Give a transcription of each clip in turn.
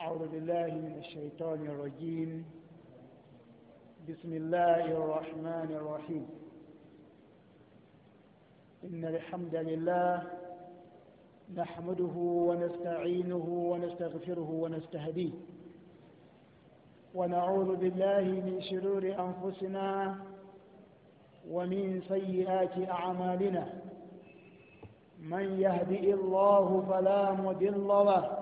أعوذ بالله من الشيطان الرجيم بسم الله الرحمن الرحيم إن الحمد لله نحمده ونستعينه ونستغفره ونستهديه ونعوذ بالله من شرور أنفسنا ومن سيئات أعمالنا من يهدئ الله فلا مضل له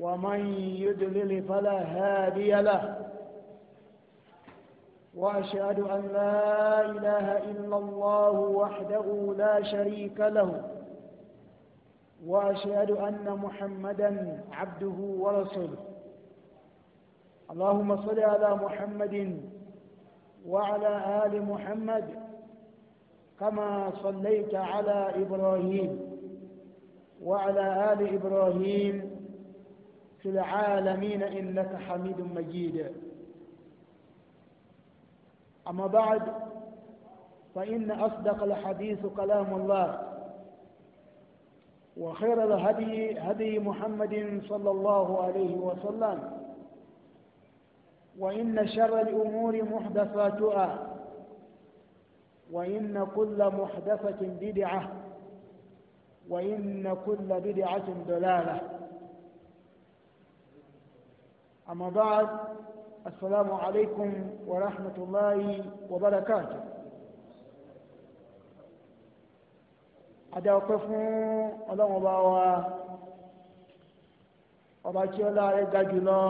ومن يدلل فلا هادي له وأشهد أن لا إله إلا الله وحده لا شريك له وأشهد أن محمدا عبده ورسوله اللهم صل على محمد وعلى آل محمد كما صليت على إبراهيم وعلى آل إبراهيم في العالمين إنك حميد مجيد أما بعد فإن أصدق الحديث كلام الله وخير الهدي هدي محمد صلى الله عليه وسلم وإن شر الأمور محدثاتها وإن كل محدثة بدعة وإن كل بدعة ضلالة أما بعد السلام عليكم ورحمة الله وبركاته adáwọ̀pẹ́ fún ọlọ́run ọba wa ọba tí ọlá rẹ̀ ga jùlọ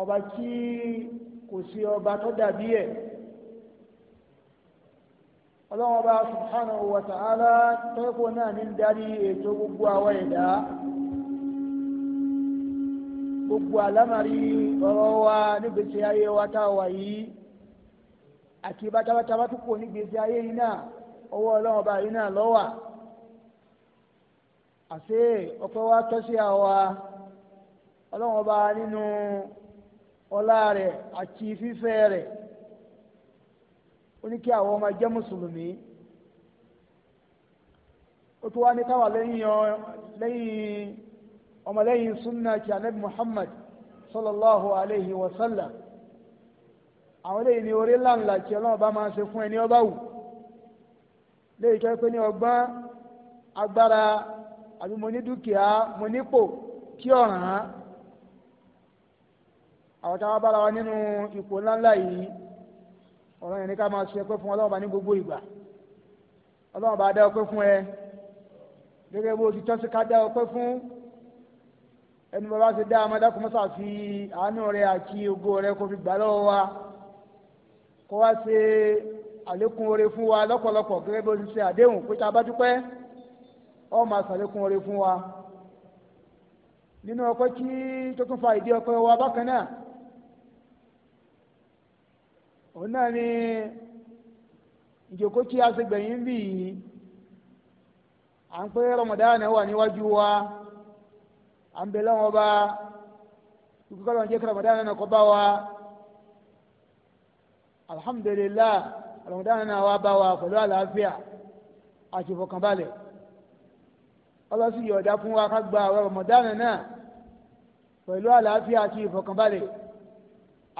ọba tí kò sí ọba tó dàbí ẹ̀ ọlọ́run subhanahu wa ta'ala tẹ́kọ̀ọ́ náà ní darí ètò gbogbo àwọn ẹ̀dá gbogbo àlámàrí ọ̀rọ̀ wa nígbèsè ayé wa tá a wà yìí àti bátabátá bá tún kò nígbèsè ayé yìí náà ọwọ́ ọlọ́run ọba yìí náà lọ́wà àṣé ọpẹ́ wa tọ́ sí àwa ọlọ́run ọba nínú ọlá rẹ̀ àti fífẹ́ rẹ̀ ó ní kí àwọn ọmọ jẹ́ mùsùlùmí ó tún wá ní káwà lẹ́yìn ọmọlẹ́yìn súnà kí anabi muhammad sallallahu alayhi wa sallam àwọn eléyìí ni orí ńláńlá kí ọlọ́run bá máa ṣe fún ẹni ọba wù léyìí kẹ́ pé ní ọgbọ́n agbára àbí mo ní dúkìá mo nípò kí ọ̀ràn án àwọn táwọn bára wa nínú ipò ńláńlá yìí ọ̀rọ̀ yẹn ni ká máa ṣe pé fún ọlọ́run bá ní gbogbo ìgbà ọlọ́run bá dá ọpẹ́ fún ẹ gẹ́gẹ́ bó ti tọ́sí ká dá ọpẹ́ fún ẹnu bàbá ṣe dá amadá kó mọ́sá fi àánú rẹ àti ògo rẹ kó fi gbà lọ́wọ́ wa kó wá ṣe àlékún oore fún wa lọ́pọ̀lọpọ̀ gẹ́gẹ́ bí o ti ṣe àdéhùn pé tá a bá dúpẹ́ ọ máa ṣàlékún oore fún wa nínú ọpẹ́ kí tó tún fa ìdí ọpẹ́ wa bákan náà òun náà ni ìjòkó tí a ṣe gbẹ̀yìn bí yìí à ń pé Ramadan wà níwájú wa. Ni à ba, bẹ lọ́wọ́ bá dúkú kọ́lọ́ na jẹ́ kí ramadan náà kọ́ bá wa alhamdulilayi ramadan náà wá bá wa pẹ̀lú àlàáfíà àti ìfọkànbalẹ̀ ọlọ́sìn yọ̀ọ̀dá fún wa ká gba àwọn ramadan náà pẹ̀lú àlàáfíà àti ìfọkànbalẹ̀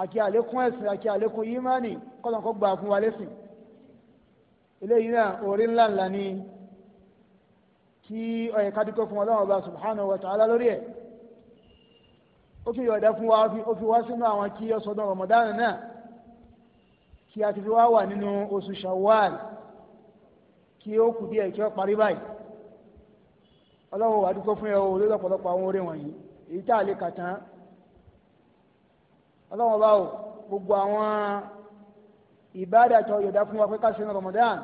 àti àlékún ẹ̀sìn àti àlékún yímánì kọ́lọ́n kó gbà fún wa lẹ́sìn eléyìí náà orí ńláńlá ni tí ó yẹ ká dúpẹ́ fún Ọlọ́run ọba subhanahu wa ta'ala lórí ẹ̀ ó fi yọ̀dá fún wa ó fi wá sínú àwọn kí ọsọdún Ramadan náà kí a ti fi wá wà nínú oṣù Shawwal kí ó kù díẹ̀ kí ó parí báyìí Ọlọ́run wà dúpẹ́ fún ẹ o lórí ọ̀pọ̀lọpọ̀ àwọn oore wọ̀nyí èyí tá a lè kà tán Ọlọ́run ọba o gbogbo àwọn ìbádàtọ̀ yọ̀dá fún wa pé ká sínú Ramadan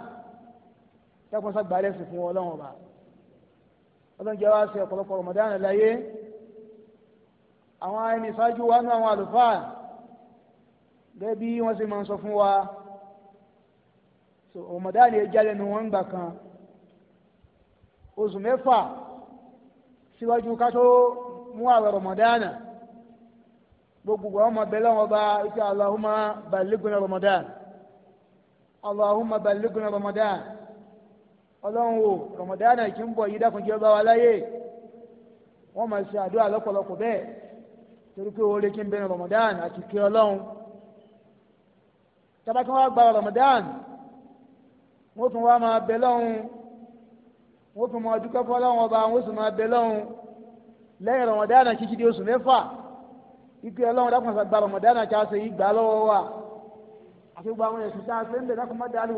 dákun sá gbàlẹ́ fún Ọlọ́run ọba ọlọ́njẹ́ wa ṣe ọ̀pọ̀lọpọ̀ Ramadan láyé àwọn ẹni ṣáájú wa nú àwọn àlùfáà gẹ́gẹ́ bí wọ́n ṣe máa ń sọ fún wa Ramadan yẹn jáde nu wọn gbà kan oṣù mẹ́fà síwájú ká tó mú àwẹ̀ Ramadan gbogbo àwọn ọmọ bẹ̀rẹ̀ wọn bá ike Allahumma ballighna Ramadan Allahumma ballighna Ramadan ọlọ́run o rọmọdánà kí ń bọ̀ yí dákun jẹ́ ọba wa láyé wọ́n máa ṣe àdúrà lọ́pọ̀lọpọ̀ bẹ́ẹ̀ torí pé oore kí ń bẹ̀rẹ̀ rọmọdánà àti kí ọlọ́run tabakí wọ́n gba rọmọdánà wọ́n tún wá máa bẹ lọ́hùn wọ́n tún máa dúpẹ́ fọ́lọ́hùn ọba wọ́n sì máa bẹ lọ́hùn lẹ́yìn rọmọdánà títí di oṣù mẹ́fà ikú ọlọ́run dákun gba rọmọdánà kí a ṣe yí lọ́wọ́ wa àti gbogbo àwọn ẹ̀sùn tá a ṣe ń bẹ̀ dákun má dàlú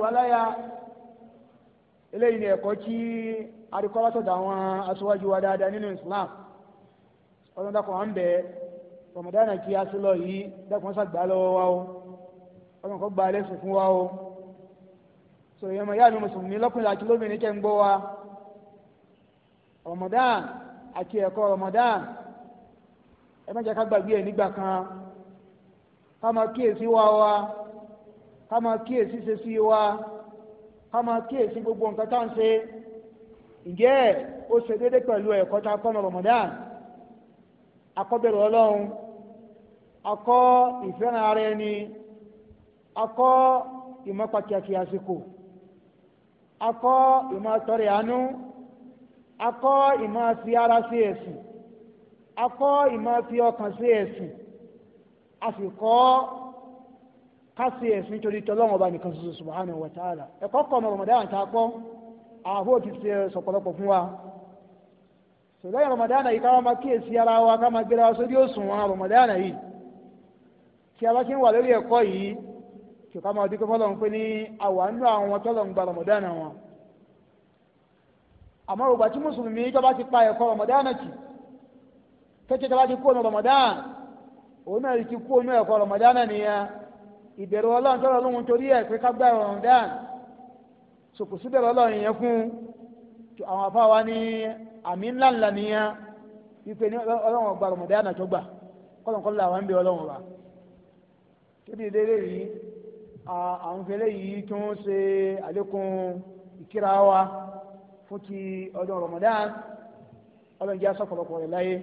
eléyìí ni ẹ̀kọ́ tí adikọ́látọ̀dọ̀ àwọn aṣáájú wa dáadáa nínú Islam ọdún dàpọ̀ à ń bẹ̀ kí a lọ yìí dàpọ̀ sàgbà lọ́wọ́ wa o ọdún kọ́ gba fún wa o sọ ìyẹn mọ̀ yá mi mùsùlùmí lọ́kùnrin àti lóbìnrin kẹ́ ń gbọ́ wa àti ẹ̀kọ́ ẹ má jẹ́ ká gbàgbé ẹ̀ wa wa. kama máa esi gbogbo nǹkan tá ń ṣe ǹjẹ́ ó ṣe déédéé pẹ̀lú ẹ̀kọ́ tá a kọ́ ní Ramadan akọ́bẹ̀rẹ̀ ọlọ́run akọ́ ìfẹ́ràn ara ẹni akọ́ ìmọ̀pàkìyàkì àsìkò akọ́ ìmọ̀tọ́rẹ̀ àánú akọ́ ìmọ̀fi ara sí ẹ̀sìn akọ́ ìmọ̀fi ọkàn sí a Kasi ẹ̀sìn nítorí tọ́lọ́run ọba nìkan ṣoṣo subhanahu wa ta'ala ẹ̀kọ́ kọ́ ọmọ Ramadan ta kọ́ àhó ti ṣe sọ̀pọ̀lọpọ̀ fún wa sọ̀dọ́yìn Ramadan yìí káwọn máa kíyèsí ara wa ká máa gbéra sórí òṣùwọ̀n Ramadan yìí tí a bá ti ń wà lórí ẹ̀kọ́ yìí kí ká máa dúpẹ́ fọlọ́run pé ní àwa nínú àwọn tọ́lọ́run gba Ramadan wọn àmọ́ ògbà tí mùsùlùmí tó bá ti pa ìbẹ̀rù ọlọ́run tọ́lọ́ lóhun torí ẹ̀ pé kágbá ọ̀run dáhùn sòkò síbẹ̀rù ọlọ́run yẹn fún àwọn afáwa ní àmì ńlá ńlá nìyẹn wípé ní ọlọ́run ọgbà ọ̀run dáhùn àjọ gbà kọ́lọ̀kọ́lọ̀ làwọn ń bẹ ọlọ́run wa kébì lélẹ́ yìí àwọn fẹlẹ́ yìí tún ṣe àlékún ìkíra wa fún ti ọdún Ramadan ọlọ́run jẹ́ asọ́pọ̀lọpọ̀ rẹ̀ láyé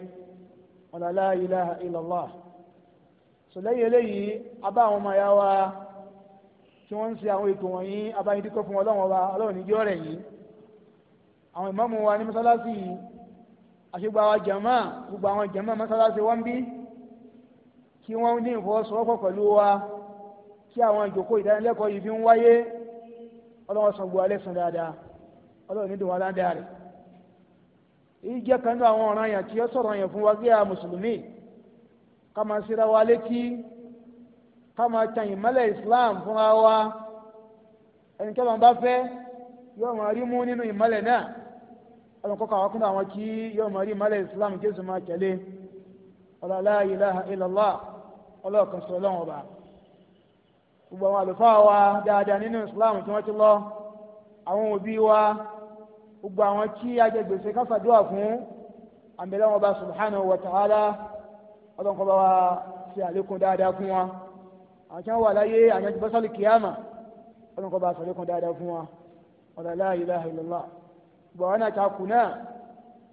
ọ̀làlá ilaha illallah sọlẹ́yìn eléyìí abá àwọn ọmọ ya wa tí wọ́n ń ṣe àwọn ètò wọ̀nyí abáyédíkọ́ fún ọlọ́run wa ọlọ́run níjọ́ rẹ̀ yìí àwọn ìmáàmù wa ní mọ́sálásì yìí àṣegbà wa jàmá gbogbo àwọn jàmá mọ́sálásì wọn bí kí wọ́n ní ìfọwọ́sowọ́pọ̀ pẹ̀lú wa kí àwọn ìjòkó ìdánilẹ́kọ̀ọ́ yìí fi ń wáyé ọlọ́run sàn dáadáa ká máa ṣera wa létí ká máa tan ìmọ́lẹ̀ islam fúnra wa ẹni tó máa bá fẹ́ yóò máa rí mú nínú ìmọ́lẹ̀ náà ọlọ́run kọ́kọ́ àwọn kúndà àwọn kí yóò máa rí ìmọ́lẹ̀ islam jésù máa tẹ̀lé ọlọ́lá ilaha illallah ọlọ́ọ̀kan sọ ọlọ́run ọba gbogbo àwọn àlùfáà wa dáadáa islam tí wọ́n ti lọ àwọn wa gbogbo àwọn tí ajẹgbèsè káfàdúrà fún àmì lọ́wọ́ ọba subhanahu wa ta'ala ọlọ́run kọ́ bá wa ṣe àlékún dáadáa fún wa àwọn tí wọ́n wà láyé àwọn tí bọ́sọ̀lì kìámà ọlọ́run kọ́ bá a ṣàlékún dáadáa fún wa ọ̀dà la ilaha illallah bọ̀ wọn náà ta kù náà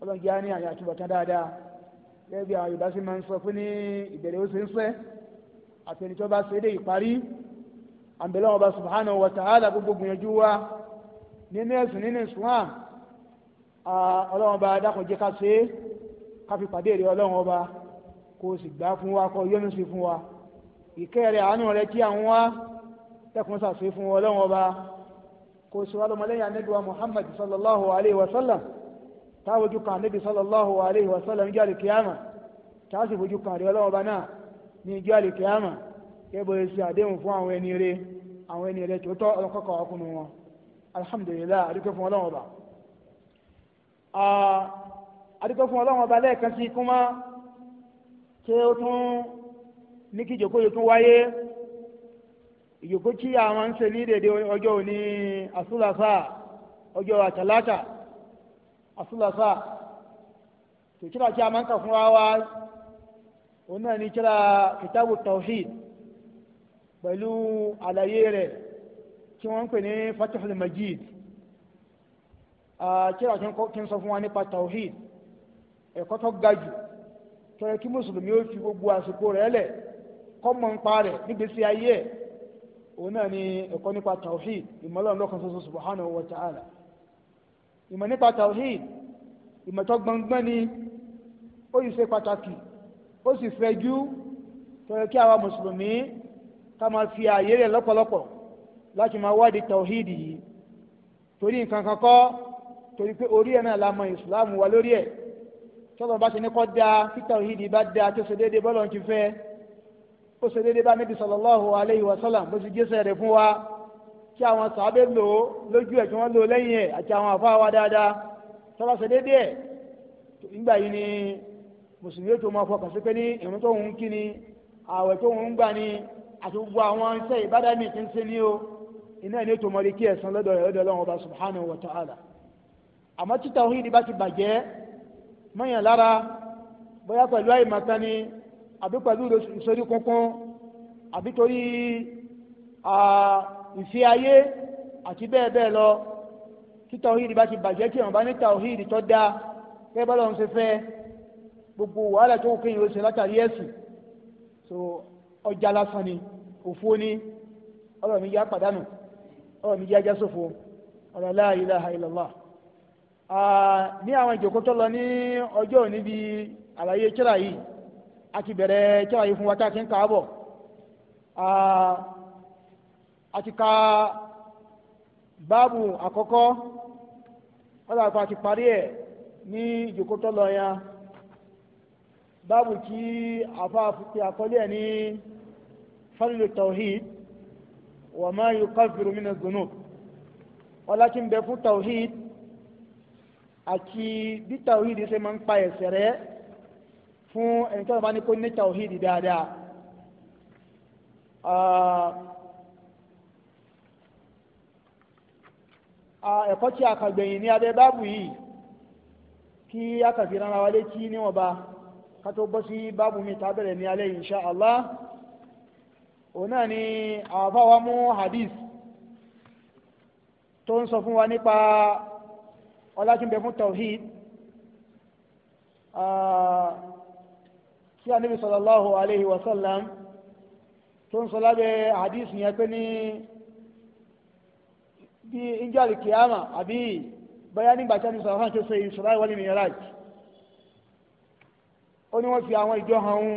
ọlọ́run jẹ́ àní àyà àtúbọ̀tán dáadáa gẹ́gẹ́ bí àwọn Yorùbá sì máa ń sọ fún ní ìbẹ̀rẹ̀ ó ṣe ń fẹ́ àtẹni tó bá ṣe é dé ìparí àbẹ̀lẹ̀ ọba subhanahu wa ta'ala gbogbo gbìyànjú wa nínú ẹ̀sìn nínú Islam ọlọ́run ọba dákun jẹ́ ká ṣe é ká fi pàdé èrè ọlọ́run ọba kó o sì gbà fún wa kó yọ́nú sí fún wa ìkẹ́ rẹ̀ àánú rẹ̀ kí àwọn wa tẹkùn sàṣe fún wọn lọ́wọ́ ọba kó o sì wá Muhammad sallallahu alayhi wa sallam táwọn ojú kan anábì sallallahu alayhi wa sallam ní jáde kíámà táwọn sì fojú kan rẹ̀ ọlọ́wọ́ ọba náà ní jáde kíámà kẹ́bọ̀ ẹ̀ ṣe àdéhùn fún àwọn ẹni àwọn ẹni alhamdulilayi adúgbò fún fún ah, lẹ́ẹ̀kan sí ṣé ó tún ní kí ìjókòó yìí tún wáyé ìjókòó tí àwọn ń ṣe ní dèdè ọjọ́ òní asúlàfà ọjọ́ àtàlátà asúlàfà tó tíra tí a máa ń kà fún wa òun náà ní tíra kìtàbù tawhid pẹ̀lú àlàyé rẹ̀ tí wọ́n ń pè ní fatihul majid tíra tí ń sọ fún wa nípa tawhid ẹ̀kọ́ tó ga jù tọ́yẹ kí mùsùlùmí ó fi gbogbo àsìkò rẹ̀ lẹ̀ kọ́mọ ńpa rẹ̀ nígbèsí ayé ẹ̀ òun náà ni ẹ̀kọ́ nípa tawhid ìmọ̀lẹ́ ọlọ́kan ṣoṣo subhanahu wa ta'ala ìmọ̀ nípa tawhid ìmọ̀ tó gbọ̀ngbọ́n ni ó yìí ṣe pàtàkì ó sì fẹ̀jú tọ́yẹ kí àwa mùsùlùmí ká máa fi ààyè rẹ̀ lọ́pọ̀lọpọ̀ láti máa wádìí tawhid yìí torí nǹkan kan kọ́ torí pé orí ẹ̀ náà la mọ ìsìláàmù wa lórí ẹ̀ tọ́lọ̀ bá ṣe ní kọ́ da títà òhìdì bá da tó ṣe déédéé bọ́lọ̀ ti fẹ́ ó ṣe déédéé bá níbi sallallahu alaihi wa sallam bó ṣe jésẹ̀ rẹ̀ fún wa kí àwọn sàábé lò ó lójú ẹ̀ kí wọ́n lò ó lẹ́yìn ẹ̀ àti àwọn àfa wa dáadáa tọ́lọ̀ ṣe déédéé ẹ̀ nígbà yìí ni mùsùlùmí tó máa fọkàn sí pé ní ìrun tó ń kí ni ààwẹ̀ tó ń gbà ni àti gbogbo àwọn iṣẹ́ ìbádàá ti ń ṣe ní o iná ẹ̀ ní ètò mọ̀rí kí ẹ̀sán lọ́dọ̀ rẹ̀ lọ́dọ̀ Ọlọ́run ọba subhanahu wa ta'ala àmọ́ títà òhìdì bá ti bàjẹ́ mọ́yàn lára bóyá pẹ̀lú àìmọ̀kan ni àbí pẹ̀lú ìsorí kunkun àbí torí ìfẹ́ ayé àti bẹ́ẹ̀ bẹ́ẹ̀ lọ tí tawhidi bá ti bàjẹ́ tí àwọn bá ní tawhidi tó dáa kẹ́ bá lọ́n ṣe fẹ́ gbogbo wàhálà tó kéyìn ó ṣe látàrí ẹ̀sìn so ọjà lásán ni òfó ni ọlọ́run mi yá pàdánù ọlọ́run mi yá jásòfò ọlọ́run la ilaha illallah ní àwọn ìjókòó tó lọ ní ọjọ́ òní bí àlàyé kíra yìí a ti bẹ̀rẹ̀ kíra yìí fún wa káàkiri káàbọ̀ a ti ka báàbù àkọ́kọ́ wọ́n dàgbà a ti parí ẹ̀ ní ìjókòó tó lọ yẹn báàbù tí àfa ti àkọlé ẹ̀ ní fadlu tawhid wa ma yukaffiru min az-zunub ọlá tí ń bẹ fún tawhid àti bí tàwíìdì ṣe máa ń pa ẹ̀ṣẹ̀ rẹ̀ fún ẹni tó bá ní kó ní tàwíìdì dáadáa ẹ̀kọ́ tí a kà gbẹ̀yìn ní abẹ́ báàbù yìí kí a kà fi rán ara wa létí níwọ̀nba ká tó bọ́ sí báàbù mi tá bẹ̀rẹ̀ ní alẹ́ insha Allah òun náà ni àwọn afáwa mú hadith tó ń sọ fún wa nípa ọlá tí ń bẹ fún tawhid ah, tí anabi sallallahu alayhi wa sallam tó ń sọ lábẹ́ hadith yẹn pé ní bí injali kiyama àbí bóyá nígbà tí anabi sallallahu alayhi wa sallam ṣe Isra wal Mi'raj ó ní wọ́n fi àwọn ìjọ hàn ún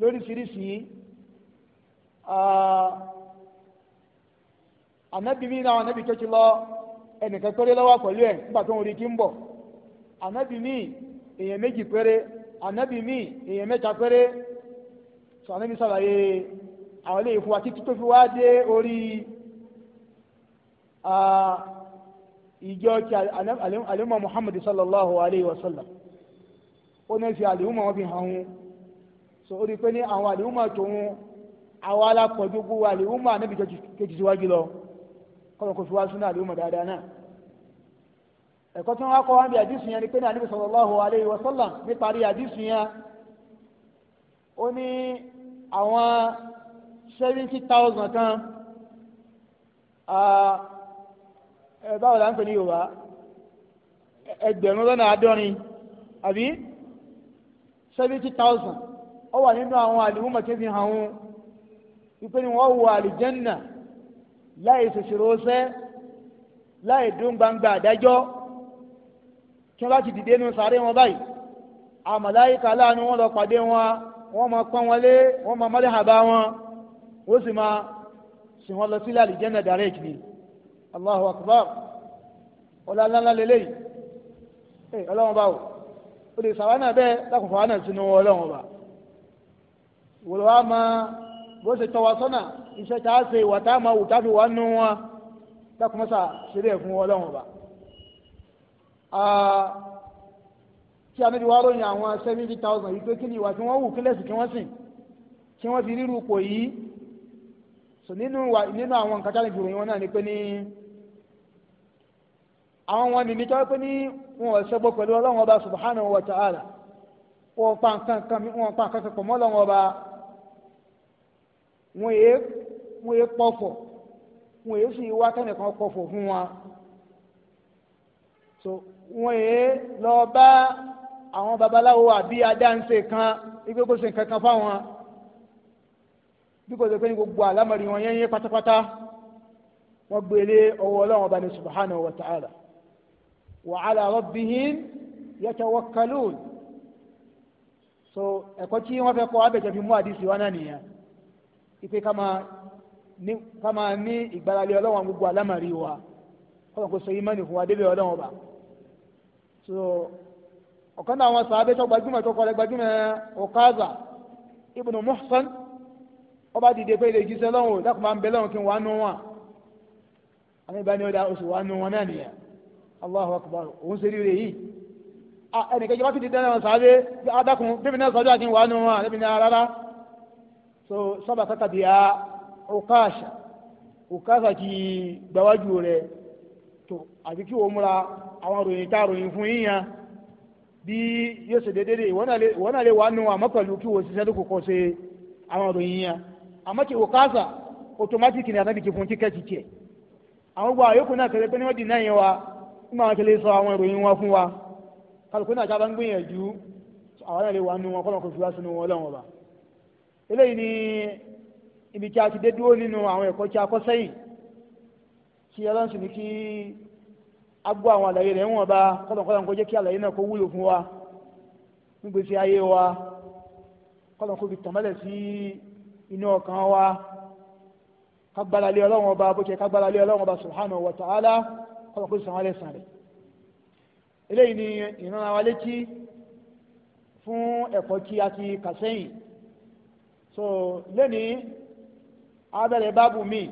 lóríṣiríṣi anabi ah, mi náà anabi tó ti lọ ẹnìkan péré lọ́wọ́ pẹ̀lú ẹ̀ nígbà tó ń rí kí ń bọ̀ ànábì míì èèyàn méjì péré ànábì míì èèyàn mẹ́ta péré sọ ànábì sàlàyé àwọn ilé ìfowó àti tó fi wá dé orí ìjọ ti àlùmọ̀ Muhammad sallallahu alayhi wa sallam ó ní fi àlùmọ̀ wọn fi hàn wọn so ó rí i pé ní àwọn àlùmọ̀ tòun àwọn alákọ̀ọ́jú gbogbo àlùmọ̀ ànábì kejì síwájú lọ kọ́mọ kò fi wá súnà àlùmọ̀ dáadáa náà ẹ̀kọ́ tí wọ́n kọ́ wá bí àdìsù yẹn ni pé ní ànábì sallallahu alayhi wa sallam níparí àdìsù yẹn ó ní àwọn seventy thousand kan báwo la ń pè ní yorùbá ẹgbẹ̀rún lọ́nà àádọ́rin àbí seventy thousand ó wà nínú àwọn àlùmọ̀ tẹ́sí hàn wọn wípé ni wọ́n wọ àlùjẹ́nnà láì ṣòṣòro ṣẹ́ láì dún gbangba àdájọ́ kí wọ́n bá ti dìde nínú sàárè wọn báyìí àmàláyíká láàánú wọn lọ pàdé wọn wọn máa pọ́n wọn lé wọn máa mọ́lẹ́ àbá wọn ó sì máa sìn wọn lọ sílẹ̀ àlìjẹ́nà direct ni Allahu akbar ọlọ́lá lélẹ́yìí ẹ ọlọ́wọ́n bá wò ó lè sàwọn náà bẹ́ẹ̀ lákòókò àwọn náà sínú ọlọ́wọ́n bá wòlò wá máa bó ṣe tọ́ wa sọ́nà iṣẹ́ tá a ṣe ìwà tá a máa wù tá a fi wà nù wọn dákúmọ́sà ṣeré ẹ̀ fún ọlọ́run ọba. tí anabi wa ròyìn àwọn seventy thousand yìí pé kí ni ìwà tí wọ́n wù kí lẹ́sìn kí wọ́n sìn kí wọ́n fi ríru pò yìí sọ nínú nínú àwọn nǹkan tá a lè fi ròyìn wọn náà ni pé ní àwọn wọn nìyí tó pé ní wọn ò ṣẹbọ pẹ̀lú ọlọ́run ọba subhanahu wa ta'ala wọn pa nǹkan kan pọ̀ mọ́ ọlọ́run ọba wọn yé wọn yé pọ̀fọ̀ wọn yé sì wá kẹ́nìkan pọ̀fọ̀ fún wa so wọn yé lọ bá àwọn babaláwo àbí adáǹsè kan ibi kò ṣe nǹkan kan fáwọn bí kò ṣe pé ní gbogbo àlámọ̀rí wọn yẹn yẹn pátápátá wọ́n gbélé ọwọ́ ọlọ́run ọba ní subhanahu wa ta'ala wa ala rabbihim yatawakkalun so ẹ̀kọ́ tí wọ́n fẹ́ kọ́ abẹ́jẹ́ fi mú àdìsí wa náà nìyẹn ipe ká máa ní ìgbàlálẹ̀ ọlọ́wọ́n gbogbo alámàrí wa kọ́nà kó so ìmánì fún wa débẹ̀ ọlọ́wọ́n ọba so ọ̀kan náà àwọn sàábẹ́ tó gbajúmọ̀ tó kọ́lẹ̀ gbajúmọ̀ Ukaza ibn Muhsan ọba dìde pé ilé ìjíṣẹ́ lọ́wọ́ dákùn máa ń bẹ lọ́wọ́ kí n wà nù wọn àmì ìbáni ọ̀dà oṣù wà nù wọn náà nìyẹn Allahu akbar òun ṣe ríire yìí ẹnìkan jọba fi dìde náà so sabaqaka biha Ukasha Ukasha ti gbawájú rẹ̀ tó àti kí wọ́n múra àwọn ròyìn tá a ròyìn fún yín yan bí yóò ṣe déédéé ìwọ náà lè wà nù àmọ́ pẹ̀lú kí wọ́n ṣiṣẹ́ lóko kọ́ ṣe àwọn ròyìn yan àmọ́ ti Ukasha automatic ni àtàbí fún tíkẹ́ẹ̀tì tiẹ̀ àwọn gbọ́ àyókù náà kẹlẹ́ pé ní wọ́n náà yẹn wa wọ́n máa kẹlẹ́ sọ àwọn ìròyìn wọn fún wa kálukú náà ń gbìyànjú àwọn eléyìí ni ibi tí a ti dé dúró nínú àwọn ẹ̀kọ́ tí a kọ́ sẹ́yìn tí ọlọ́run sì ní kí a gbọ́ àwọn àlàyé rẹ̀ wọ̀n ba kọ́lọ̀kọ́lọ̀ kó jẹ́ kí àlàyé náà kó wúlò fún wa nígbèsè ayé wa kọ́lọ̀ kó fi tàmẹ́lẹ̀ sí inú ọkàn wa kagbalalé ọlọ́run ọba bó ṣe kagbalalé ọlọ́run ọba subhanahu wa ta'ala kọ́lọ̀ kó sàn wá lẹ́sàn rẹ̀ eléyìí ni ìran wa létí fún ẹ̀kọ́ tí a ti kà sẹ́yìn so lẹ́ni abẹ́rẹ́ báàbù mi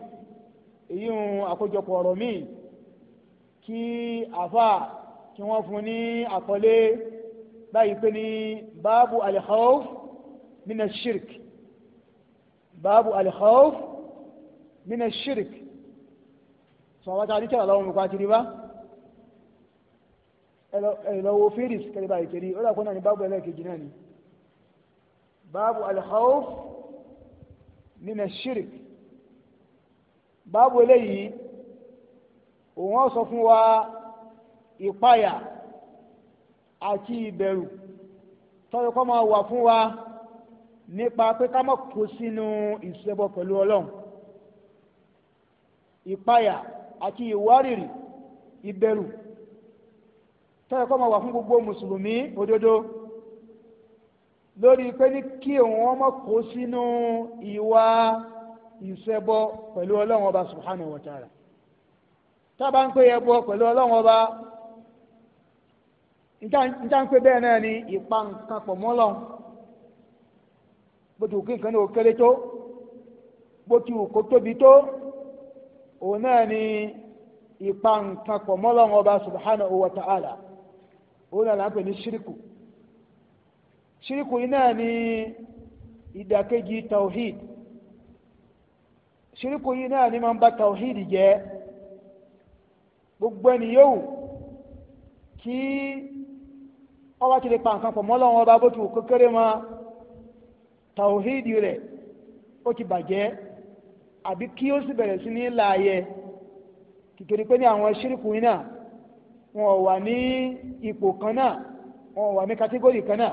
èyí ń àkójọpọ̀ ọ̀rọ̀ mi kí àfà kí wọ́n fún ní àkọlé báyìí pé ní báàbù al-khawf min ash-shirk báàbù al-khawf min ash-shirk sọ wọ́n ní kíra lọ́wọ́ mi kó bá ẹ̀lọ́wọ́ fíris kẹ́lẹ́ báyìí kiri ó dà kó náà ní báàbù ẹlẹ́ẹ̀kejì náà ni báàbù al nínú shirik báwo eléyìí òun ó sọ fún wa ìpayà àti ìbẹ̀rù tọ́jú kọ́ wa nípa pé ká má kó sínú ìṣẹbọ pẹ̀lú ọlọ́run ìpayà àti ìwárìrì ìbẹ̀rù tọ́jú kọ́ máa wà fún gbogbo mùsùlùmí òdodo. lórí pé ní kí òun ọmọ kó sínú ìwà ìṣẹbọ pẹ̀lú ọlọ́run ọba subhanahu wa ta'ala tábà ń pè é bọ pẹ̀lú ọlọ́run ọba níta ń pè bẹ́ẹ̀ náà ni ìpa nǹkan pọ̀ mọ́ o kéré tó bó kó tóbi tó òun ni nǹkan pọ̀ mọ́ lọ́run ọba subhanahu wa ta'ala òun náà ní ṣíríkù iná ni ìdàkejì tawhid ṣíríkù iná ni mamba ń bà tawhid jẹ́ gbogbo ẹni yóò kí ọba ti lè pa nǹkan pọ̀ mọ́ Ọlọ́run ọba bó ti wù kékeré ma tawhid rẹ̀ ó ti bàjẹ́ àbí kí ó sì bẹ̀rẹ̀ sí ní láàyè kìkìrì pé ní àwọn ṣíríkù iná wọn wà ní ipò kan náà wọn wà ní kátígórì kan náà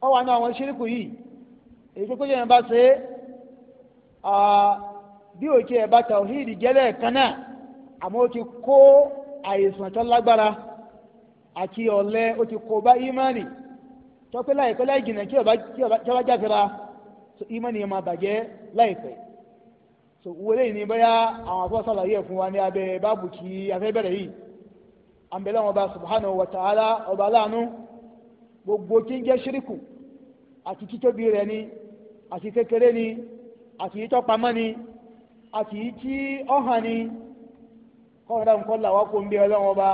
ọ wà ní àwọn ṣíríkù yìí èyí tó kọjá yẹn bá ṣe bí òkè ẹ̀ bá tàwíìdì jẹ́lẹ̀ kan náà àmọ́ ó ti kó àìsàn tó lágbára àti ọ̀lẹ ó ti kó bá ímánì tọ́pẹ́ láìpẹ́ láì jìnnà jáfẹ́ra yẹn máa bàjẹ́ láìpẹ́ so bóyá àwọn sàlàyé fún wa ní abẹ kí afẹ́ bá ọba aláàánú gbogbo tí ń jẹ́ àti títóbi rẹ̀ ni àti kékeré ni àti ìtọ́pamọ́ ni àti ìtí ọ̀hàn ni kọ́ńdà ńkọ́ làwọn kò ń bí ọlọ́wọ́n bá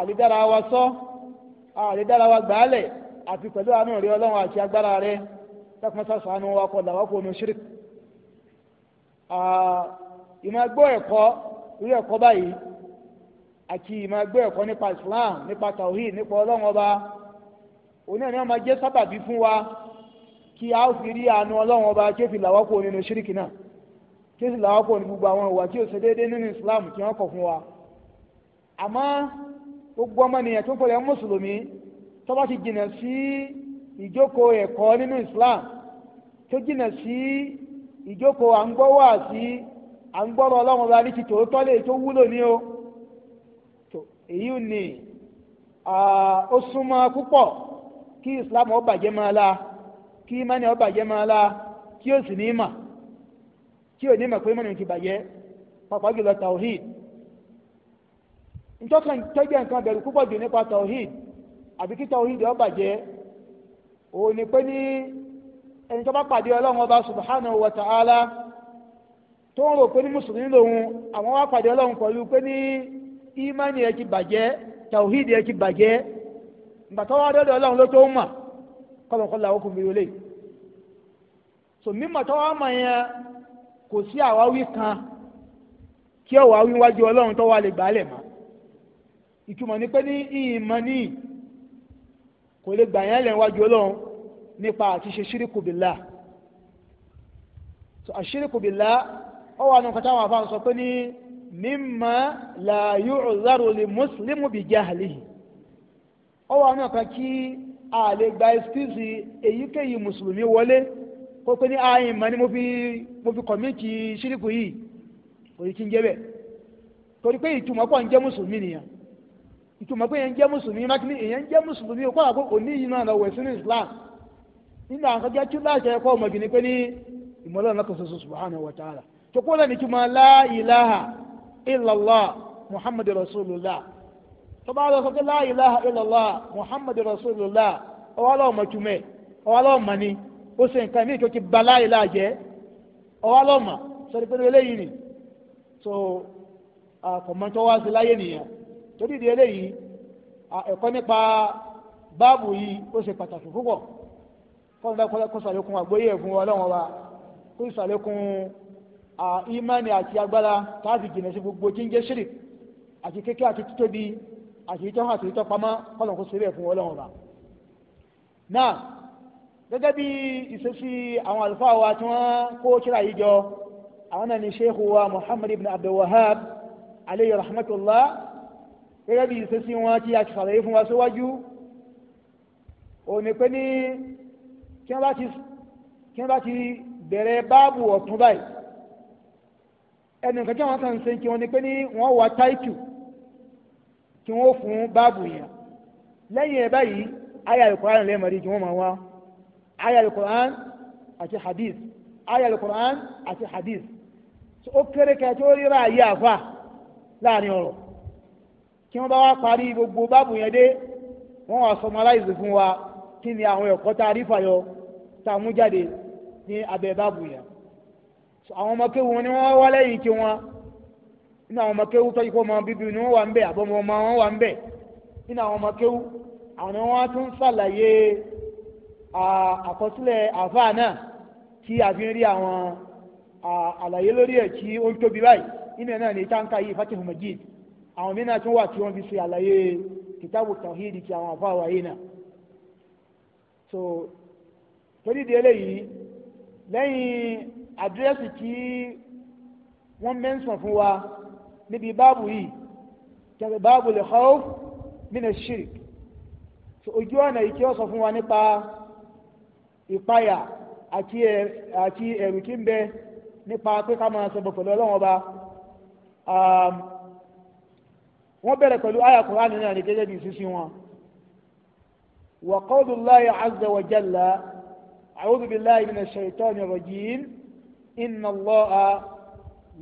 àlédára wa sọ àlédára wa gbàálẹ̀ àti pẹ̀lú àánú rẹ̀ ọlọ́wọ́n àti agbára rẹ̀ tẹ́kọ̀ọ́sá sànú wa kọ́ làwọn kò nu ṣírìkì. ìmọ̀ gbọ́ ẹ̀kọ́ irú ẹ̀kọ́ báyìí àti ìmọ̀ gbọ́ ẹ̀kọ́ nípa Islam nípa tawhid nípa ọlọ́wọ́n bá oní ẹni ọmọ jẹ́ sábàbí fún wa kí a ó fi rí àánú ọlọ́run ọba kí ó fi làwọ́ kó nínú ṣíríkì náà kí ó sì làwọ́ kó ní gbogbo àwọn ìwà tí ó ṣe déédéé nínú Islam kí wọ́n kọ̀ fún wa àmọ́ gbogbo ọmọnìyàn tó pẹ̀lẹ́ mùsùlùmí tó bá ti jìnnà sí ìjókòó ẹ̀kọ́ nínú Islam tó jìnnà sí ìjókòó à ń gbọ́ wá sí à ń gbọ́rọ̀ ọlọ́run ọba ní ti tòótọ́ lè tó wúlò ní o èyí ni ó súnmọ́ púpọ̀ kí islam ó bàjẹ́ máa la kí imani ó bàjẹ́ máa la kí ó sì ní mà kí ò ní mà pé imani ti bàjẹ́ pàápàá jùlọ tawhid ntọ́ka tọ́jẹ́ nǹkan bẹ̀rù púpọ̀ jù nípa tawhid àbí kí tawhid ó bàjẹ́ òun ni pé ní ẹni tó bá pàdé ọlọ́run ọba subhanahu wa ta'ala tó ń rò pé ní mùsùlùmí lòun àwọn wá pàdé ọlọ́run pẹ̀lú pé ní imani ẹ ti bàjẹ́ tawhid ẹ ti bàjẹ́ gbàtọ́ wa dọ́dọ̀ ọlọ́run ló tó ń mà kọ́lọ̀kọ́lọ̀ àwọn kùnfin yòlẹ̀ so mímọ̀ tọ́ wa mọ̀ yẹn kò sí àwáwí kan kí ọ̀wá wíwájú ọlọ́run tó wà lè gbálẹ̀ mọ́ ìtumọ̀ ni pé ní ìmọ̀ ní kò lè gbà yẹn lẹ̀ wájú ọlọ́run nípa àti ṣe so àṣíríkù bìlá ó wà nù kàtà wà fáwọn sọ pé ní mímọ̀ la yu'zaru li muslimu bi jahlihi ó wà náà kan kí a lè gba ẹsikíìsì èyíkéyìí mùsùlùmí wọlé kó pé ní ayin ah, mọ ni mo fi mo fi kọ̀míkì ṣíríkù yìí òyì tí ń jẹ́ bẹ́ẹ̀ torí pé ìtumọ̀ pọ̀ ń jẹ́ mùsùlùmí nìyẹn ìtumọ̀ pé èèyàn ń jẹ́ mùsùlùmí mákìní èèyàn ń jẹ́ mùsùlùmí ó kọ́ àpò òní yìí náà lọ wẹ̀ sínú Islam nínú àwọn akẹ́kẹ́ tí láti ẹ̀kọ́ ọmọ gini pé ní ìmọ̀lẹ́ ọ̀nà kan ṣoṣo subhanahu wa ta'ala tó kó lẹ́nu ìtumọ̀ la ilaha illallah muhammadu rasulullah tó bá lọ sọ pé la ilaha illallah muhammadu rasulullah ọwọ́ lọ́wọ́ mọ̀ túmẹ̀ ọwọ́ lọ́wọ́ mọ̀ ni ó ṣe nǹkan mí tó ti ba la ilaha ọwọ́ lọ́wọ́ mọ̀ sọ̀rọ̀ pé eléyìí ni so àkọ̀mọ́tọ́ wá sí láyé nìyẹn torí di eléyìí ẹ̀kọ́ nípa báàbù yìí ó ṣe pàtàkì púpọ̀ fọ́n bá kó sàlékún àgbóyè ẹ̀fún ọlọ́run wa kó sàlékún ìmánì àti agbára táàfi jìnnà sí gbogbo tí ń àti kékeré àti títóbi àṣìyítọ́ hàn àṣìyítọ́ pamọ́ kọ́lọ̀ kó síbẹ̀ fún ọlọ́run ọba náà gẹ́gẹ́ bí ìṣesí àwọn àlùfáà wa tí wọ́n kó kíra yìí àwọn náà ni sheikh wa muhammad ibn abdul wahab aleyhi rahmatullah gẹ́gẹ́ bí ìṣesí wọn tí a ti sàlàyé fún wa síwájú òní pé ní kí wọ́n bá ti bẹ̀rẹ̀ báàbù ọ̀tún báyìí ẹnì tí wọ́n kàn ń ṣe kí wọ́n pé ní wọ́n wà táìtù tí wọ́n fún báàbù yẹn lẹ́yìn ẹ̀ báyìí aya alukur'an lẹ́ẹ̀mọ́rí tí wọ́n máa wá aya alukur'an àti hadith aya alukur'an àti hadith ó kéré kẹ́ tó ríra ayé àfa láàrin ọ̀rọ̀ kí wọ́n bá wá parí gbogbo báàbù yẹn dé wọ́n wá sọmaláìsì fún wa kí ni àwọn ẹ̀kọ́ tá a rí fàyọ tá a mú jáde ní abẹ́ báàbù yẹn àwọn ọmọ kéwọn ni wọ́n wá lẹ́yìn tí wọ́n nínú àwọn ọmọ kéwú tọ́jú ọmọ bíbí ni wọ́n wà ń bẹ̀ àbọ̀ ọmọ wọn wà ń bẹ̀ nínú àwọn ọmọ àwọn ni wọ́n tún ṣàlàyé àkọsílẹ̀ àfáà náà tí a fi ń rí àwọn àlàyé lórí ẹ̀ tí ó ń tóbi báyìí nínú náà ni táǹkà yìí Fatihul Majid àwọn mìíràn tún wà tí wọ́n fi ṣe àlàyé kìtàbù tàwíìdì ti àwọn àfáà wáyé náà so torí di eléyìí lẹ́yìn àdírẹ́sì tí wọ́n mẹ́ńsàn fún wa níbi báàbù yìí tẹ̀lé báàbù lè khawf min ash-shirk ojú ọ̀nà yìí kí ó sọ fún wa nípa ìpayà àti ẹ̀rù tí ń bẹ nípa pé ká máa sọ̀bọ̀ pẹ̀lú ọlọ́run ọba um, wọ́n bẹ̀rẹ̀ pẹ̀lú àyà Kùránì náà ní gẹ́gẹ́ bí sísí wọn. wa qawlullahi azza wa jalla a'udhu billahi minash shaitani rajim inna Allaha.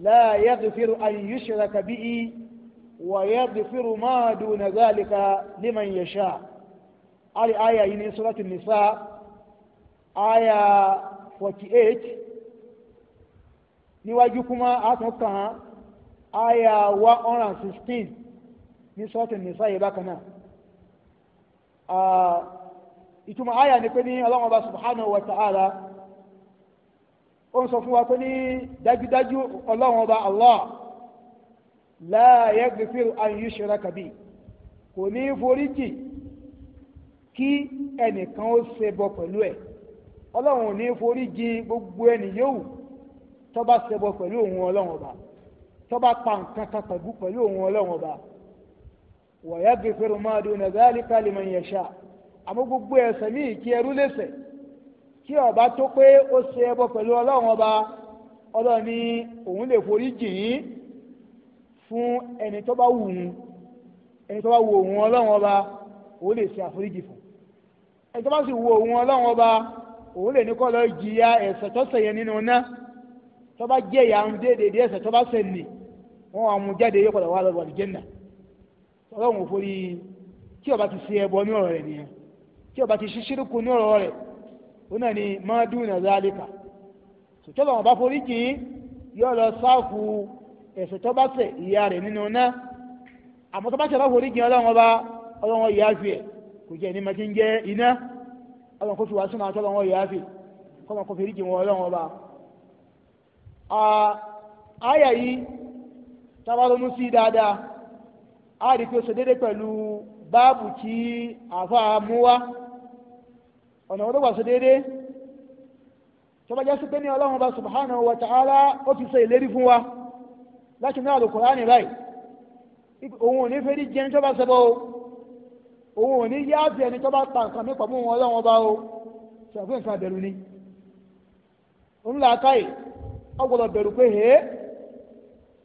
لا يغفر أن يشرك به ويغفر ما دون ذلك لمن يشاء هذه آية من سورة النساء آية 48 نواجهكما أتوقعها آية 116 من سورة النساء يباكنا. آه إتما آية نكوني الله سبحانه وتعالى ó ń sọ fún wa pé ní dájúdájú ọlọ́run ọba allah la yaghfiru an yushraka bi kò ní foríjì kí ẹnìkan ó ṣẹbọ pẹ̀lú ẹ̀ ọlọ́run ò ní foríjì gbogbo ẹni yòówù tó bá ṣẹbọ pẹ̀lú òun ọlọ́run ọba tó bá pa nǹkan kan pẹ̀lú pẹ̀lú òun ọlọ́run ọba wa yaghfiru ma duna dhalika liman yasha àmọ́ gbogbo ẹ̀ṣẹ̀ míì kí ẹrú lẹ́ṣẹ̀ tí ọba tó pé ó ṣe ẹbọ pẹ̀lú ọlọ́run ọba ọlọ́run ní òun lè forí jìn ín fún ẹni tó bá wù ú ẹni tó bá wù òun ọlọ́run ọba òun lè ṣe àforíjì fún ẹni tó bá sì wù òun ọlọ́run ọba òun lè ní kọ́ lọ jìyà ẹ̀ṣẹ̀ tó ṣẹ̀ yẹn nínú náà tó bá jẹ́ ìyá ń dé dèdè ẹ̀ṣẹ̀ tó bá ṣẹ̀ nì wọ́n wà mú jáde yóò padà wà lọ́wọ́ àlùjẹ́nà ọlọ́run ò forí tí ọba ti ṣe ẹbọ ní ọ̀rọ̀ rẹ̀ nìyẹn tí ọba ti ṣe ṣírùkù ní ọ̀rọ̀ rẹ̀ òun náà ni mọ́dún ẹ̀zálíkà tòtọ́lọ̀ wọn bá forí kì í yọ lọ sáàfù ẹ̀sẹ̀ tó bá ṣẹ̀ ìyá rẹ̀ nínú náà àmọ́ tó bá ṣẹ̀ bá forí kì í ọlọ́wọ́n bá ọlọ́wọ́n ìyá fi ẹ̀ kò jẹ́ ní mẹ́tí ń jẹ́ iná ọlọ́wọ́n kò fi wá sínú àti ọlọ́wọ́n ìyá fi kọ́mọ kò forí kì í wọn ọlọ́wọ́n bá. àyà yìí tábàlónú sí dáadáa á rí i pé ó ṣe déédéé pẹ̀lú báàbù tí àfa mú ọ̀nà wo ló wà sí déédéé tó bá jẹ́ sí pé ní ọlọ́run bá subhanahu wa ta'ala ó ti ṣe ìlérí fún wa láti ní àlùkùránì báyìí òun ò ní fẹ́ rí jẹ́ ní tó bá o òun ò ní yá bí ẹni tó pa nǹkan mi pàmò wọn ọlọ́run ọba o ṣàfihàn nǹkan àbẹ̀rù ni ńlá káyì ọgbọ́dọ̀ bẹ̀rù pé hẹ́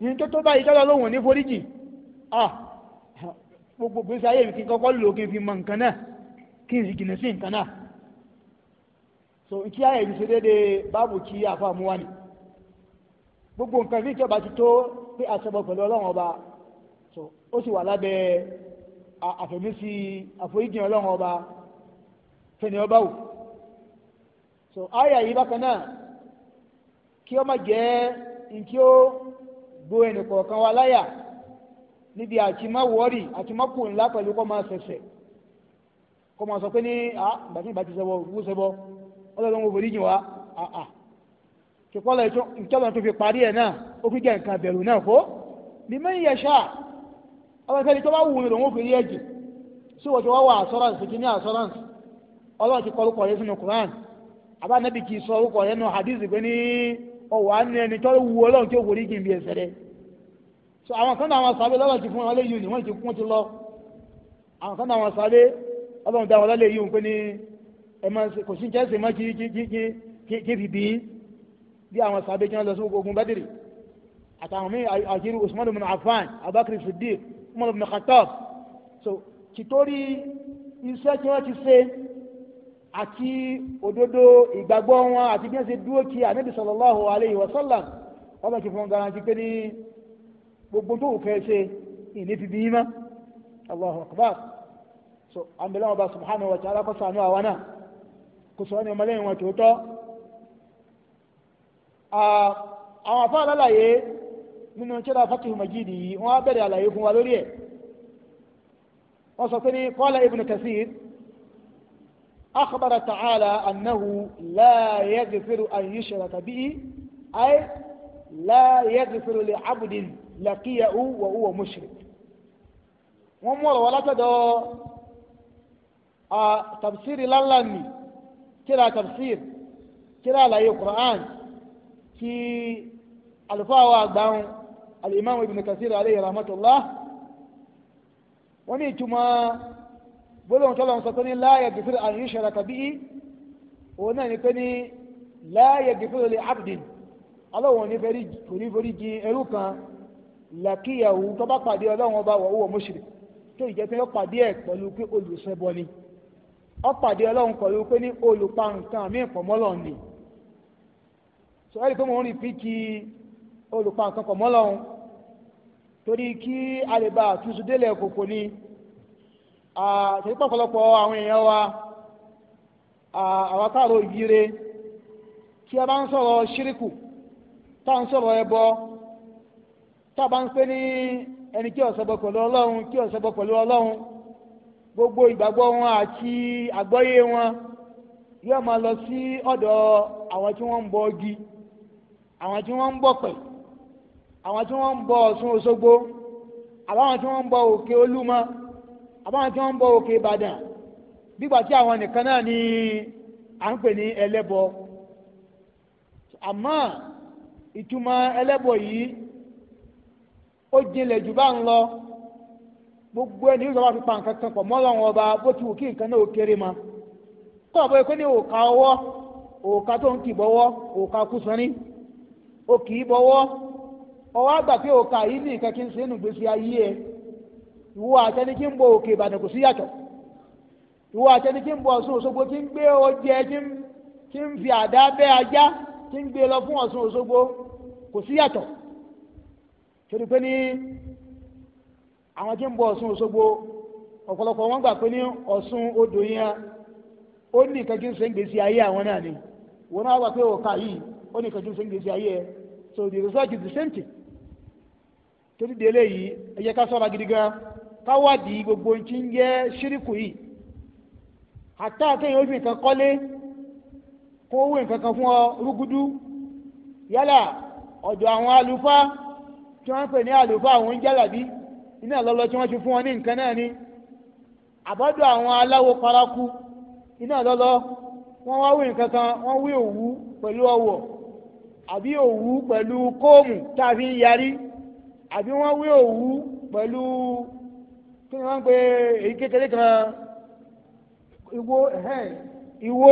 ní tó tó báyìí tọ́lá lóhùn ní foríjì ah gbogbo gbèsè ayé mi kí n kọ́kọ́ lò kí n fi mọ nǹkan náà kí n sì jìnnà sí nǹkan náà. so kí àyè yìí ṣe déédéé báàbù kí àfa mú wá ni gbogbo nǹkan bí ìjọba ti tó pé àṣẹbọ pẹ̀lú ọlọ́run ọba so ó sì wà lábẹ́ àfẹ̀mísí àforíjì ọlọ́run ọba fẹ́ni ọba wò so àyà yìí bákan náà kí ọ má jẹ́ nkí ó bo ẹnìkọ̀ọ̀kan wa láyà níbi àtìmáwọ́rì àtìmákù ńlá pẹ̀lú kọ́ máa ṣẹ̀ṣẹ̀ kọ́ máa sọ pé ní àgbàtí ah, ìbá ti sẹ́wọ́ wú sẹ́wọ́ ọlọ́run òbòrí jìn wá àà kìpọ́lọ̀ ìtọ́lọ̀ tó fi parí ẹ̀ náà ó fi jẹ́ nǹkan bẹ̀rù náà fó ní mẹ́yìn ẹ̀ṣá ọlọ́sẹ́ni tó bá wù ní lòun fi rí ẹ̀jì sí wọ́n ti wá wà assurance kì ní assurance ọlọ́run ti kọ́ orúkọ yẹn sínú Quran abánabi kì í sọ orúkọ yẹn nù hadith pé ní ọwọ́ àánú ẹni tó wù ọlọ́run bí ẹsẹ̀ rẹ̀ so àwọn kan náà sábẹ́ ti fún ẹ máa ṣe kò sí jẹ́ ṣe má kí kí kí kí kí fi bí bí àwọn sàbẹ̀ kí wọ́n lọ sí ogun Badiri àtàwọn míì àjírí Usman ibn Affan Abubakar Siddiq Umar ibn Khattab so tìtorí iṣẹ́ tí wọ́n ti ṣe àti òdodo ìgbàgbọ́ wọn àti bí wọ́n ṣe dúró kí anabi sallallahu alayhi wa sallam wọ́n bá ti fún garanti pé ní gbogbo tó kẹ́ ṣe ìní fi yín mọ́ Allahu akbar so àmì lọ́wọ́ bá subhanahu wa ta'ala kọ́ sànú àwa náà kò sọ ní ọmọlẹ́yìn wọn tòótọ́ àwọn afá alálàyé nínú tíra fatih majidi yìí wọ́n á bẹ̀rẹ̀ àlàyé fún wa lórí ẹ̀ wọ́n sọ pé ní qala ibn kasir akhbara ta'ala annahu la yaghfiru an yushraka bihi ay la yaghfiru li abdin laqiyahu wa huwa mushrik wọ́n mú ọ̀rọ̀ wọ́n látọ̀dọ̀ tafsiri lánlá kíra tafsir kíra àlàyé quran kí àlùfáà wa àgbáhùn alimami ibn kasir aleyhi rahmatullah wọ́n ní ìtumọ̀ gbólóhùn tó lọ sọ pé ní láàyè gbèsè àyè ṣẹlẹ̀ tàbí òun náà ní pé ní láàyè gbèsè lè abdin aláwọ̀n ní kò ní forí jin ẹrú kan làkìyàwó tó bá pàdé ọlọ́run ọba wọ̀ owó mọ́ṣirì tó ìjẹ́ pé ó pàdé ẹ̀ pẹ̀lú pé olùsẹ́bọ ni ọ̀pàdé ọlọ́run kọ̀ ló pé ní olùpa nǹkan àmì ìpọ̀mọ́lọ̀ ni sọ ẹ́ rí pé mo ń rí píkì olùpa nǹkan pọ̀mọ́lọ̀ ń torí kí a lè ba àtúnṣe délẹ̀ kòkò ni àtẹ̀yí pọ̀pọ̀lọpọ̀ àwọn èèyàn wa àwọn káàró ìyíre tí a bá ń sọ̀rọ̀ ṣíríkù tá à ń sọ̀rọ̀ ẹbọ tá a bá ń pè ní ẹni kí ó ṣẹbọ pẹ̀lú ọlọ́run kí ó ṣẹbọ pẹ̀lú ọlọ́run. gbogbo ìgbàgbọ́ wọn àti àgbọ́yé wọn yóò máa lọ sí ọ̀dọ̀ àwọn tí wọ́n ń bọ igi àwọn tí wọ́n ń bọ pẹ̀ àwọn tí wọ́n ń bọ Ọ̀ṣun Òṣogbo àbáwọn tí wọ́n ń bọ òkè Olúmọ àbáwọn tí wọ́n ń bọ òkè Ìbàdàn bígbà tí àwọn nìkan náà ni à ń pè ní ẹlẹ́bọ àmọ́ ìtumọ̀ ẹlẹ́bọ yìí ó jinlẹ̀ jù bá ń lọ. gbogbo ẹni yóò sọ fi pa nǹkan kan pọ̀ mọ́ ọba bó ti wù kí nǹkan ma kọ́ ọ̀bọ yìí pé ní òòka ọwọ́ òòka tó ń kì bọ́wọ́ òòka kú sanni ó kì í bọ́wọ́ ọwọ́ àgbà pé òòka yìí ní nǹkan kí n ayé ìwọ àtẹni kí ń bọ òkè Ìbàdàn kò sí yàtọ̀ ìwọ àtẹni kí ń bọ Òṣogbo tí ń gbé àwọn tí ń bọ Ọ̀ṣun Òṣogbo ọ̀pọ̀lọpọ̀ wọn gbà pé ní Ọ̀ṣun odò yẹn ó ní nǹkan kí n ṣe ń gbèsè ayé àwọn náà ni wọn náà wà pé òkà yìí ó ní nǹkan kí ṣe ń gbèsè ayé ẹ so the result is the same thing torí délé yìí ẹ yẹ ká ṣọ́ra gidi gan káwádìí gbogbo ń ti ń jẹ́ ṣíríkù yìí àtà àtẹ̀yìn ó fi nǹkan kọ́lé kó owó nǹkan kan fún ọ rúgudu yálà ọ̀dọ̀ àwọn àlùfáà tí wọ́n ń pè ní àlùfáà àwọn ń jálàbí iná lọ́lọ́ tí wọ́n ti fún wọn ní nǹkan náà ni àbọ̀dọ̀ àwọn aláwo paraku iná lọ́lọ́ wọ́n wá wí nǹkan kan wọ́n wí òwú pẹ̀lú ọwọ́ àbí òwú pẹ̀lú kóòmù tá a fi ń yarí àbí wọ́n wí òwú pẹ̀lú kí ni wọ́n pe èyí kékeré kan ìwo ìwo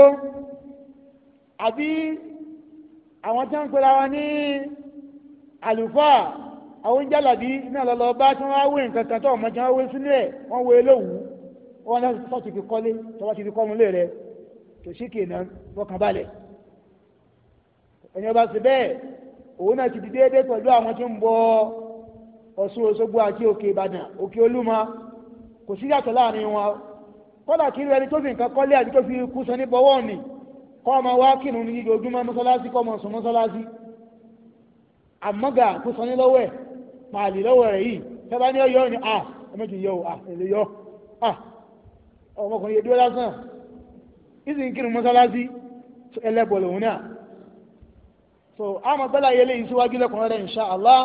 àbí àwọn tí wọ́n ń pera wọn ní àlùfáà àwọn jálàbí náà lọ lọ bá tí wọn wá wé nǹkan kan tó ọmọ jẹ wọn wé sílẹ̀ wọn wé lówù wọn náà sọ ti fi kọ́lé tó bá ti fi kọ́mu lé rẹ tó sì kéèna fọkàn balẹ̀ ẹni ọba sì bẹ́ẹ̀ òun náà ti di déédéé pẹ̀lú àwọn tí ń bọ Ọ̀ṣun Òṣogbo àti òkè Ìbàdàn òkè Olúmọ kò sí yàtọ̀ láàrin wọn kódà kí ẹni tó fi nǹkan kọ́lé àti tó fi kú sọ wa kírun ní ojoojúmọ́ mọ́sálásí kọ́ ọmọ sùn mọ́sálásí àmọ́gà kú sọ ní lọ́wọ́ ẹ̀ màálì lọ́wọ́ rẹ̀ yìí tẹ́bá ní ọyọ́ ni à ọmọdé yọ à èlé yọ à ọmọkùnrin yẹn dúró lásán ìsìn ń kírun mọ́sálásí ẹlẹ́bọ̀ lòun náà so àmọ́ bẹ́lá yẹlé yìí síwájú lẹ́kùnrin rẹ̀ insha Allah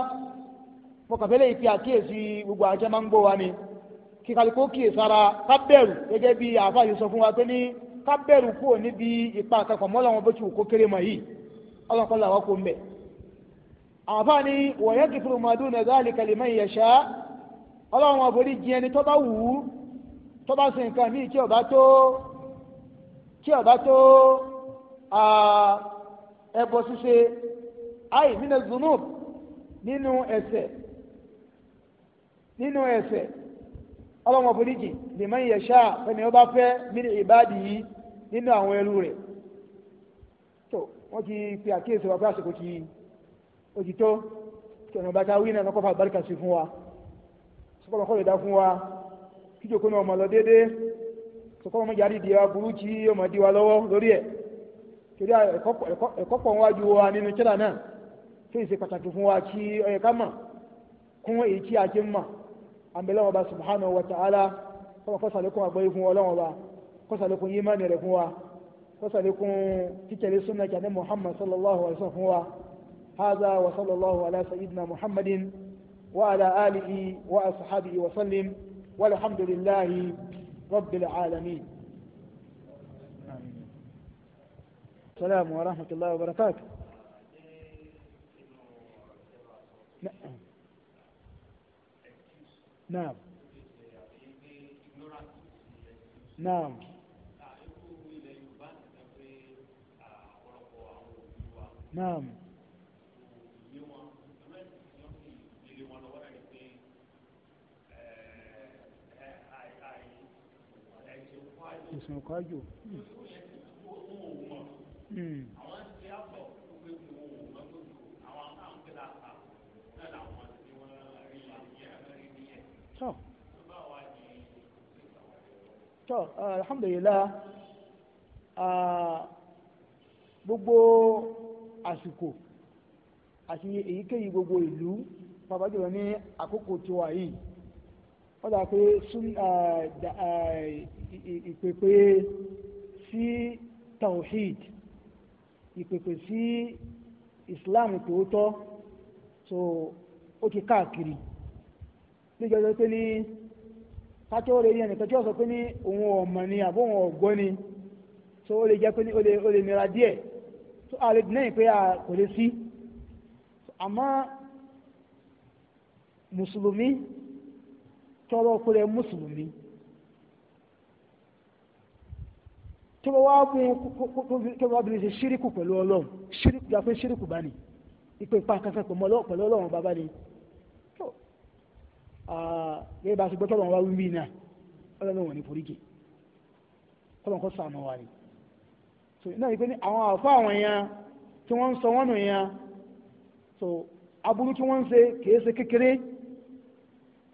mo kàn fẹ́lẹ́ ìfi àkíyèsí gbogbo àjẹ́ máa ń gbọ́ wa ni kí kálukú kíyèsára kábẹ́rù gẹ́gẹ́ bí àáfà yìí sọ fún wa pé ní kábẹ́rù kúrò níbi ìpa àkàkọ̀ mọ́lá wọn bó ti wù kó kéré mọ́ yìí ọlọ́kọ́ làwọn kò ń bẹ̀ àfáàní wọ̀nyẹ́ kìfìrù màdún náà dáàlì kàlímà ìyẹ̀ṣá ọlọ́run àforí jì ẹni tó bá wù ú tó bá sin nǹkan míì tí ọba tó tí ọba tó ẹbọ ṣíṣe àì nínú zunub nínú ẹ̀ṣẹ̀ nínú ẹ̀ṣẹ̀ ọlọ́run àforí jì lèmọ́ ìyẹ̀ṣá ẹni ó bá fẹ́ nínú ìbáàdì yìí nínú àwọn ẹrú rẹ̀ tó wọ́n ti pe àkíyèsí wa pé àsìkò ti òtítọ́ tọ̀nà bàtà wí náà kọ́fà àbáríkà sí fún wa sọ́kọ́ kọ́ lè dá fún wa kíjòkó náà mọ̀ lọ déédéé sọ́kọ́ ọmọ yàrá ìdíyà burú tí ọmọ dí wa lọ́wọ́ lórí ẹ̀ torí ẹ̀kọ́ pọ̀ wájú wa nínú kílà náà tó ìṣe pàtàkì fún wa kí ọyẹ ká mà kún èyí tí a ti mà àmbẹ̀lẹ́wọ̀n ọba subhanahu wa ta'ala kọ́mọ kọ́sàlékún àgbọ́yé fún ọlọ́wọ̀n ọba kọ́sàlékún yímánì rẹ̀ fún wa kọ́sàlékún títẹ̀lé súnà kí a ní Muhammad sallallahu alaihi wa sallam fún wa هذا وصلى الله على سيدنا محمد وعلى آله وأصحابه وسلم والحمد لله رب العالمين السلام ورحمة الله وبركاته نعم نعم نعم نعم ẹ̀sùn ìkọ́jù. Hmm. tọ́ tọ́ alhamdulillah gbogbo àsìkò àti èyíkéyìí gbogbo ìlú pàápàá jùlọ ní àkókò tiwa yìí wọ́n dà pé ìpèpè sí tawhid ìpèpè sí islam tòótọ́ so ó ti káàkiri níjọba pé ní kájọ́ rẹ̀ yẹn nìkan tí wọ́n sọ pé ní òun ọ̀mọ̀ ni àbó òun ọ̀gbọ́n ni so ó lè jẹ́ pé ní ó lè nira díẹ̀ so a lè dín lẹ́yìn pé a kò lè sí àmọ́ mùsùlùmí tọrọ kúrẹ́ mùsùlùmí. tí wa wá fún kí wọ́n bìrì ṣe ṣíríkù pẹ̀lú ọlọ́run ṣíríkù yà pé ṣíríkù bá ní ìpè pa kankan pẹ̀lú ọlọ́run bàbá ni yẹ́n bá ṣe gbọ́ tọ́lọ́run wá wí náà ọlọ́run wọn ni foríjì tọ́lọ́run kọ́ sànù wa ni so náà ni pé àwọn àfọ àwọn èèyàn tí wọ́n sọ wọ́n nù èèyàn so aburú tí wọ́n se ṣe kìí ṣe kékeré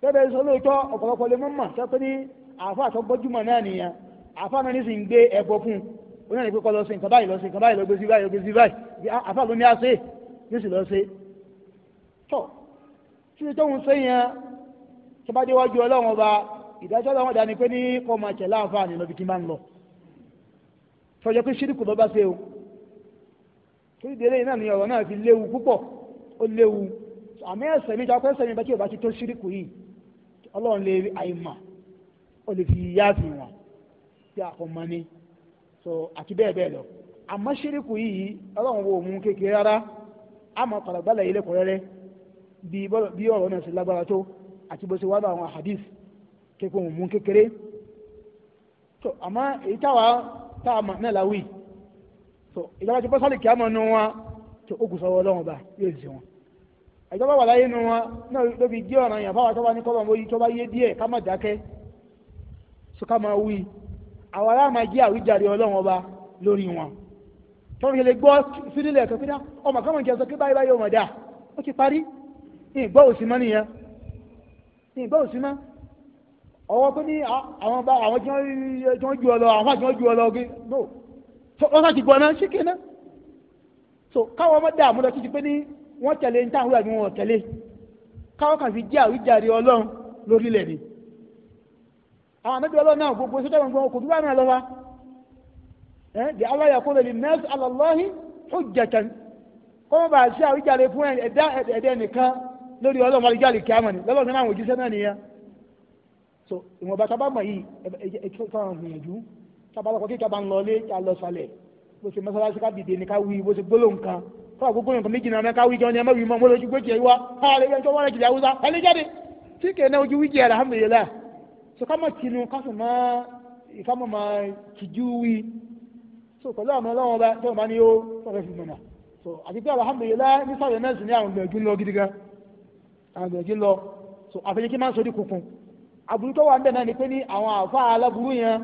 bẹ́ẹ̀ bẹ́ẹ̀ sọ lóòótọ́ ọ̀pọ̀lọpọ̀ lè mọ́ mà sọ pé ní àfọ àtọ́gbọ́júmọ̀ náà nìyẹn àfa mi ní sì ń gbé ẹbọ fún un ó náà ní pé kọ́ lọ sí nǹkan báyìí lọ sí nǹkan báyìí lọ gbé sí báyìí lọ gbé sí báyìí àfa ló ní àṣẹ yóò sì lọ ṣe tọ́ títí tóun ṣe yẹn tó bá déwájú ọlọ́run ọba ìdájọ́ ọlọ́run dání pé ní kọ́ máa tẹ̀lé àǹfààní lọ bí kí n bá ń lọ tọ́jọ́ pé ṣíríkù lọ́ ṣe o torí délé náà ni ọ̀rọ̀ náà fi léwu púpọ̀ ó léwu àmì ẹ̀sẹ̀ mi jápẹ́ ẹ̀sẹ̀ mi bá tí ò bá ti tó ṣíríkù yìí ọlọ́run lè àìmọ̀ ó lè fi yáàfin wọn tí a kò mọ ni so àti bẹ́ẹ̀ bẹ́ẹ̀ lọ àmọ́ ṣíríkù yìí ọlọ́run wo òun kékeré rárá àmọ́ pàrọ̀gbálẹ̀ yìí lẹ́kọ̀ọ́rẹ́rẹ́ bí ọ̀rọ̀ náà ṣe lágbára tó àti bó ṣe wá lọ àwọn hadith kékeré òun kékeré so àmọ́ èyí táwa táwa mọ̀ náà láwì so ìjọba ti pọ́sálì kí á mọ̀ nù wọn tó ó gùsọ̀ ọlọ́run ọba yóò ṣe wọn ìjọba wà láyé nu wọn náà ló fi ọ̀ràn yàn fáwọn tó bá ní kọ́ àwọn ará máa jẹ́ àwíjàre ọlọ́run ọba lórí wọn tọ́wọ́n fi lè gbọ́ sílẹ̀ ẹ̀kọ́ pé dá ọmọ kọ́mọ̀ jẹ́ sọ pé báyìí báyìí ọmọ dá ó ti parí ìgbọ́ òsì mọ́ nìyẹn ìgbọ́ òsì mọ́ ọwọ́ pé ní àwọn bá àwọn tí wọ́n ju ọ lọ àwọn tí wọ́n ju ọ lọ gé no wọ́n sá ti gbọ́ náà ṣé kéèna so káwọn ọmọ dá àmúlọ títí pé ní wọ́n tẹ̀lé ní táwọn àbí wọn tẹ̀lé káwọn kàn jẹ́ àwíjàre ọlọ́run lórílẹ̀ ni àwọn àmì ìdúró náà gbogbo sí tẹ́wọ̀n gbogbo kò dúró náà lọ́wọ́ di Allah yakuna linnasi ala Allahi hujjatan kó má bàa ṣe àwíjàre fún ẹ̀dá ẹ̀dẹ́ nìkan lórí ọlọ́run àwíjàre kí a mọ̀ ní lọ́lọ́run nínú àwọn òjíṣẹ́ náà nìyẹn so ìwọ̀nba tá a mọ̀ yìí káwọn gbìyànjú tá a bá ń lọlé kí a lọ so ká mọ̀ tinú ká sì mọ́ ìká mọ̀ máa tìjú wí so pẹ̀lú àwọn ọlọ́wọ́ bá tẹ́wọ̀n bá ní ó sọ̀rọ̀ fi mọ̀nà so àti pé alhamdulillah ní sọ̀rọ̀ náà sì ní àwọn gbẹ̀jú lọ gidi gan àwọn gbẹ̀jú lọ so àfẹ́jẹ́ kí máa ń sọ ní kunkun àbúrú tó wà ń bẹ̀ náà ni pé ní àwọn àfa aláburú yẹn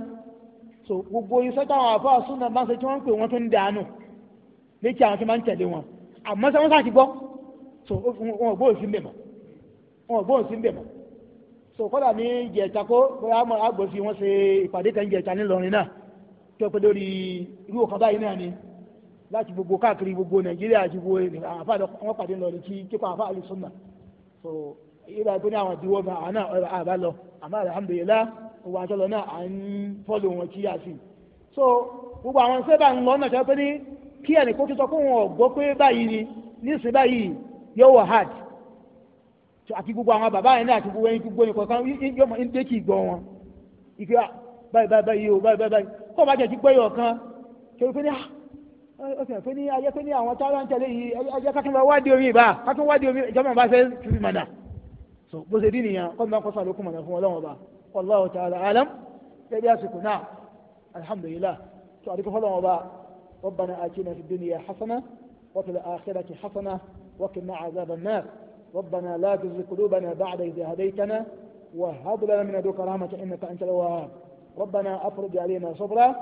so gbogbo iṣẹ́ táwọn àfa súnà bá ń se tí wọ́n ń pè wọ́n tó ń dànù létí àwọn tí máa ń tẹ̀lé wọn àmọ́ sẹ́wọ́n sáà ti gbọ́ so wọn ò gbóhùn sí mbẹ̀mọ̀ wọn ò gbóhùn sí mbẹ̀mọ̀ so kọ́dà ní jẹ̀ta kó bóyá mọ̀ agbófin wọn ṣe ìpàdé kan jẹ̀ta nílọrin náà tó pé lórí irú ọ̀kan báyìí náà ni láti gbogbo káàkiri gbogbo nàìjíríà àti gbogbo àfa wọn pàdé ńlọrin kí kíkọ́ àfa àlùsùnà so ìgbà tó ní àwọn ìdíwọ́ gan àná ọ̀rọ̀ àbá lọ àmọ́ alhamdulillah òwò àjọlọ náà à ń fọ́lù wọn kí yàtì so gbogbo àwọn sẹ́bà ń lọ náà tó pé ní kí ẹnì kó tó sọ fún wọn ọ̀gbọ́ pé báyìí ni ní ìsìn báyìí yóò wà hard àti gbogbo àwọn bàbá yẹn náà àti gbogbo ẹni gbogbo nǹkan kan yọmọ ń dé kì í gbọ́ wọn ìgbé ah, báyìí báyìí báyìí o báyìí báyìí kọ́ bá jẹ́ ah, ti gbẹ́yọ̀ kan torí pé ní ọ̀sẹ̀ pé ní ayé pé ní àwọn táwọn ń tẹ̀lé yìí ayé ká bá wádìí omi ìbá ká wádìí omi ìjọba bá fẹ́ fi mọ̀nà so bó ṣe dí nìyẹn kọ́ bá kọ́sọ̀ àlókùn mọ̀nà fún ọlọ́wọ́n ọba Allahu ta'ala alam tẹ́lẹ̀ àsìkò náà alhamdulillah tó àdúgbò fọlọ́wọ́n ọba rabbana atina fid dunya hasana wa fil ربنا لا تزغ قلوبنا بعد إذ هديتنا وهب لنا من لدنك رحمة إنك أنت الوهاب ربنا أفرج علينا صبرا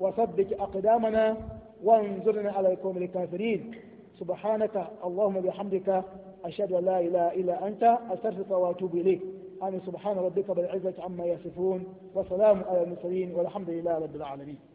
وثبت أقدامنا وانظرنا على القوم الكافرين سبحانك اللهم بحمدك أشهد أن لا إله إلا أنت أستغفرك وأتوب إليك أنا سبحان ربك بالعزة عما يصفون وسلام على المرسلين والحمد لله رب العالمين